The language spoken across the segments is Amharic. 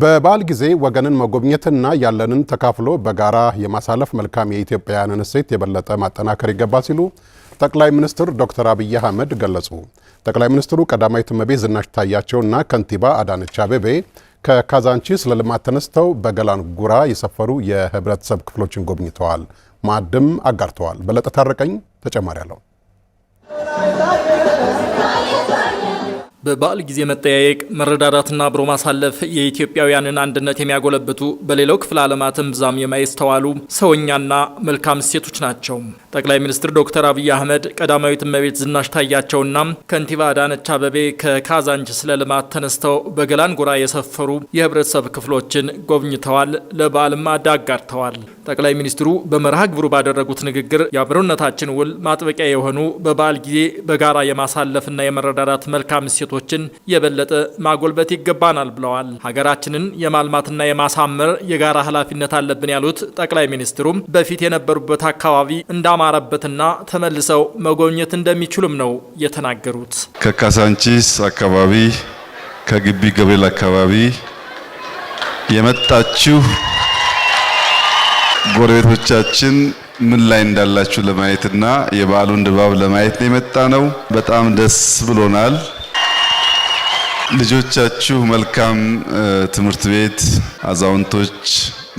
በበዓል ጊዜ ወገንን መጎብኘትና ያለንን ተካፍሎ በጋራ የማሳለፍ መልካም የኢትዮጵያውያንን እሴት የበለጠ ማጠናከር ይገባል ሲሉ ጠቅላይ ሚኒስትር ዶክተር አብይ አህመድ ገለጹ። ጠቅላይ ሚኒስትሩ ቀዳማዊት እመቤት ዝናሽ ታያቸውና ከንቲባ አዳነች አቤቤ ከካዛንቺስ ለልማት ተነስተው በገላን ጉራ የሰፈሩ የህብረተሰብ ክፍሎችን ጎብኝተዋል፣ ማዕድም አጋርተዋል። በለጠ ታረቀኝ ተጨማሪ አለው። በበዓል ጊዜ መጠያየቅ መረዳዳትና አብሮ ማሳለፍ የኢትዮጵያውያንን አንድነት የሚያጎለብቱ በሌላው ክፍለ ዓለማትም ብዛም የማይስተዋሉ ሰውኛና መልካም እሴቶች ናቸው። ጠቅላይ ሚኒስትር ዶክተር አብይ አህመድ ቀዳማዊት እመቤት ዝናሽ ታያቸውና ከንቲባ አዳነች አበቤ ከካዛንችስ ለልማት ተነስተው በገላን ጎራ የሰፈሩ የህብረተሰብ ክፍሎችን ጎብኝተዋል። ለበዓል ማዕድ ጠቅላይ ሚኒስትሩ በመርሃ ግብሩ ባደረጉት ንግግር የአብሮነታችን ውል ማጥበቂያ የሆኑ በበዓል ጊዜ በጋራ የማሳለፍና የመረዳዳት መልካም እሴቶችን የበለጠ ማጎልበት ይገባናል ብለዋል። ሀገራችንን የማልማትና የማሳመር የጋራ ኃላፊነት አለብን ያሉት ጠቅላይ ሚኒስትሩም በፊት የነበሩበት አካባቢ እንዳ እንደተማረበትና ተመልሰው መጎብኘት እንደሚችሉም ነው የተናገሩት። ከካሳንቺስ አካባቢ ከግቢ ገብርኤል አካባቢ የመጣችሁ ጎረቤቶቻችን ምን ላይ እንዳላችሁ ለማየትና የበዓሉን ድባብ ለማየት ነው የመጣ ነው። በጣም ደስ ብሎናል። ልጆቻችሁ መልካም ትምህርት ቤት፣ አዛውንቶች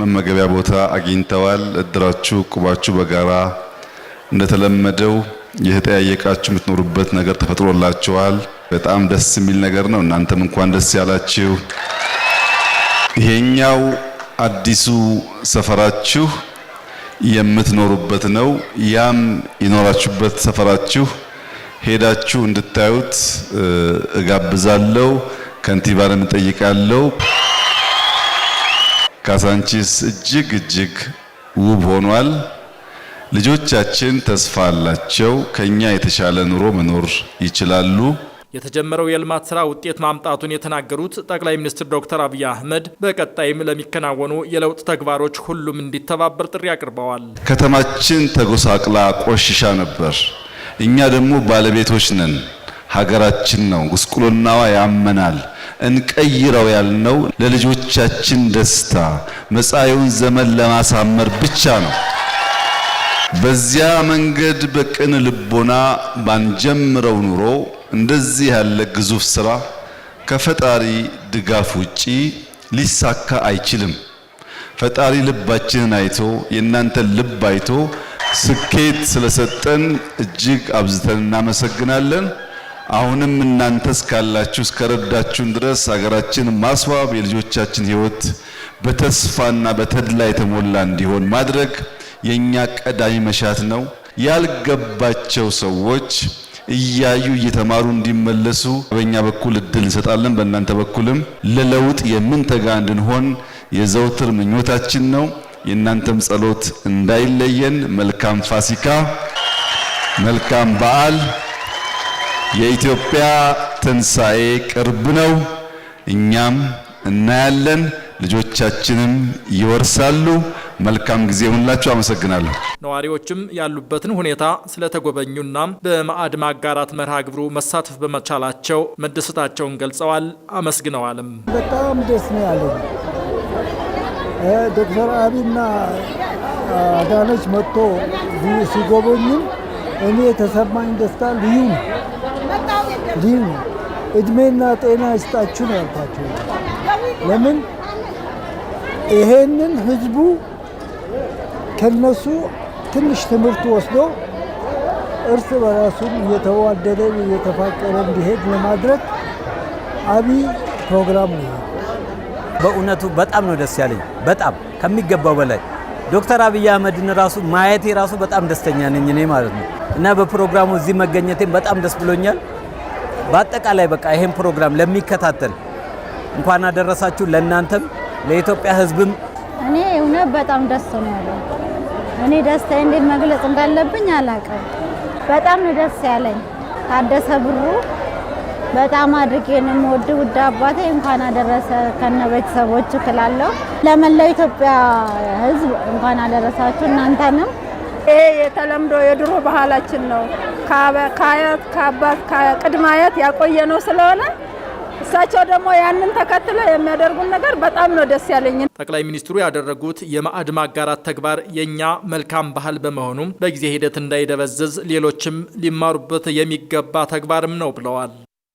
መመገቢያ ቦታ አግኝተዋል። እድራችሁ ቁባችሁ በጋራ እንደተለመደው የተጠያየቃችሁ የምትኖሩበት ነገር ተፈጥሮላችኋል። በጣም ደስ የሚል ነገር ነው። እናንተም እንኳን ደስ ያላችሁ። ይሄኛው አዲሱ ሰፈራችሁ የምትኖሩበት ነው። ያም የኖራችሁበት ሰፈራችሁ ሄዳችሁ እንድታዩት እጋብዛለሁ። ከንቲባንም እጠይቃለሁ። ካሳንቺስ እጅግ እጅግ ውብ ሆኗል። ልጆቻችን ተስፋ አላቸው። ከኛ የተሻለ ኑሮ መኖር ይችላሉ። የተጀመረው የልማት ስራ ውጤት ማምጣቱን የተናገሩት ጠቅላይ ሚኒስትር ዶክተር አብይ አህመድ በቀጣይም ለሚከናወኑ የለውጥ ተግባሮች ሁሉም እንዲተባበር ጥሪ አቅርበዋል። ከተማችን ተጎሳቅላ ቆሽሻ ነበር። እኛ ደግሞ ባለቤቶች ነን። ሀገራችን ነው። ጉስቁልናዋ ያመናል። እንቀይረው ያልነው ለልጆቻችን ደስታ መጻኤውን ዘመን ለማሳመር ብቻ ነው። በዚያ መንገድ በቅን ልቦና ባንጀምረው ኑሮ እንደዚህ ያለ ግዙፍ ስራ ከፈጣሪ ድጋፍ ውጪ ሊሳካ አይችልም። ፈጣሪ ልባችንን አይቶ የእናንተን ልብ አይቶ ስኬት ስለሰጠን እጅግ አብዝተን እናመሰግናለን። አሁንም እናንተ እስካላችሁ እስከረዳችሁን ድረስ ሀገራችን ማስዋብ የልጆቻችን ሕይወት በተስፋና በተድላ የተሞላ እንዲሆን ማድረግ የኛ ቀዳሚ መሻት ነው። ያልገባቸው ሰዎች እያዩ እየተማሩ እንዲመለሱ በእኛ በኩል እድል እንሰጣለን። በእናንተ በኩልም ለለውጥ የምንተጋ እንድንሆን የዘውትር ምኞታችን ነው። የእናንተም ጸሎት እንዳይለየን። መልካም ፋሲካ፣ መልካም በዓል። የኢትዮጵያ ትንሣኤ ቅርብ ነው። እኛም እናያለን፣ ልጆቻችንም ይወርሳሉ። መልካም ጊዜ ሁንላችሁ። አመሰግናለሁ። ነዋሪዎችም ያሉበትን ሁኔታ ስለተጎበኙና በማዕድ ማጋራት መርሃ ግብሩ መሳተፍ በመቻላቸው መደሰታቸውን ገልጸዋል። አመስግነዋልም። በጣም ደስ ነው ያለኝ። ዶክተር አብይና አዳነች መጥቶ ሲጎበኙም እኔ የተሰማኝ ደስታ ልዩ ነው ልዩ ነው። እድሜና ጤና ይስጣችሁ ነው ያልኳቸው። ለምን ይሄንን ህዝቡ ከነሱ ትንሽ ትምህርት ወስዶ እርስ በራሱን እየተዋደደ እየተፋቀረ እንዲሄድ ለማድረግ አብይ ፕሮግራም ነው። በእውነቱ በጣም ነው ደስ ያለኝ፣ በጣም ከሚገባው በላይ ዶክተር አብይ አህመድን ራሱ ማየቴ ራሱ በጣም ደስተኛ ነኝ እኔ ማለት ነው። እና በፕሮግራሙ እዚህ መገኘቴም በጣም ደስ ብሎኛል። በአጠቃላይ በቃ ይሄን ፕሮግራም ለሚከታተል እንኳን አደረሳችሁ። ለእናንተም ለኢትዮጵያ ሕዝብም እኔ እውነት በጣም ደስ ነው ያለው። እኔ ደስታ እንዴት መግለጽ እንዳለብኝ አላውቅም። በጣም ነው ደስ ያለኝ። ታደሰ ብሩ በጣም አድርጌ ነው የምወድ ውድ አባቴ እንኳን አደረሰ ከነ ቤተሰቦች እላለሁ። ለመላው ኢትዮጵያ ሕዝብ እንኳን አደረሳችሁ እናንተንም። ይሄ የተለምዶ የድሮ ባህላችን ነው ከአያት ከአባት ከቅድመ አያት ያቆየ ነው ስለሆነ እሳቸው ደግሞ ያንን ተከትለው የሚያደርጉን ነገር በጣም ነው ደስ ያለኝ። ጠቅላይ ሚኒስትሩ ያደረጉት የማዕድ ማጋራት ተግባር የእኛ መልካም ባህል በመሆኑም በጊዜ ሂደት እንዳይደበዝዝ ሌሎችም ሊማሩበት የሚገባ ተግባርም ነው ብለዋል።